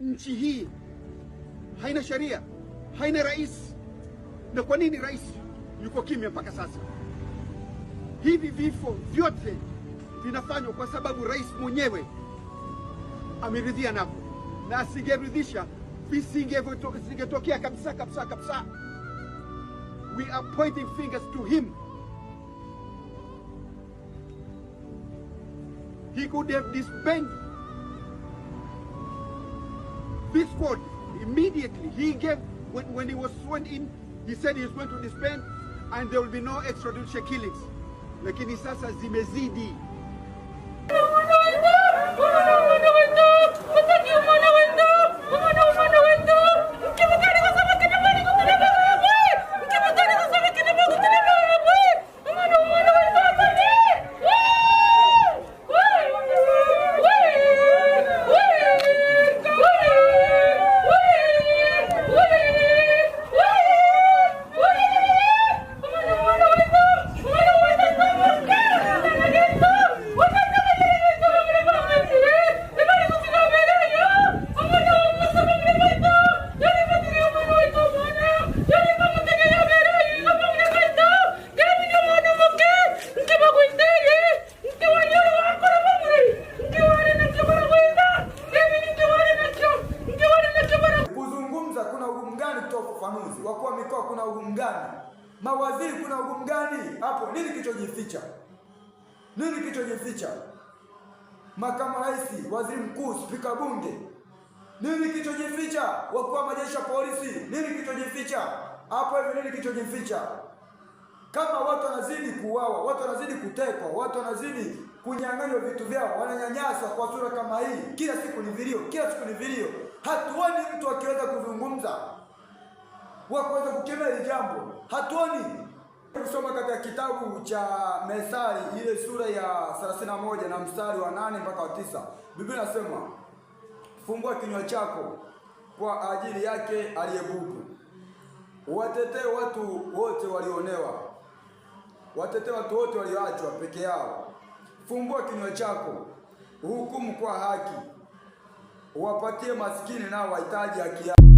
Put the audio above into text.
nchi hii haina sheria, haina rais. Na kwa nini rais yuko kimya mpaka sasa? Hivi vifo vyote vinafanywa kwa sababu rais mwenyewe ameridhia navyo, na asingeridhisha visingetokea kabisa kabisa kabisa. We are pointing fingers to him. He could have disbanded this court immediately. He gave, when, when he was sworn in, he said he was going to disband and there will be no extrajudicial killings. Lakini sasa zimezidi. kutoa ufafanuzi. Wakuu wa mikoa kuna ugumu gani? Mawaziri kuna ugumu gani? Hapo nini kilichojificha? Nini kilichojificha? Makamu rais, waziri mkuu, spika bunge, nini kilichojificha? Wakuu wa majeshi ya polisi, nini kilichojificha? Hapo hivi? nini kilichojificha? Kama watu wanazidi kuuawa, watu wanazidi kutekwa, watu wanazidi kunyang'anywa vitu vyao, wananyanyaswa kwa sura kama hii, kila siku ni vilio, kila siku ni vilio, hatuoni mtu akiweza kuzungumza wa kuweza kukemea hili jambo, hatuoni kusoma katika kitabu cha Methali ile sura ya 31 na mstari wa nane mpaka wa tisa Biblia inasema fungua kinywa chako kwa ajili yake aliyebubu, watetee watu wote walionewa, watetee watu wote walioachwa peke yao. Fungua kinywa chako, hukumu kwa haki, wapatie maskini nao wahitaji haki yao.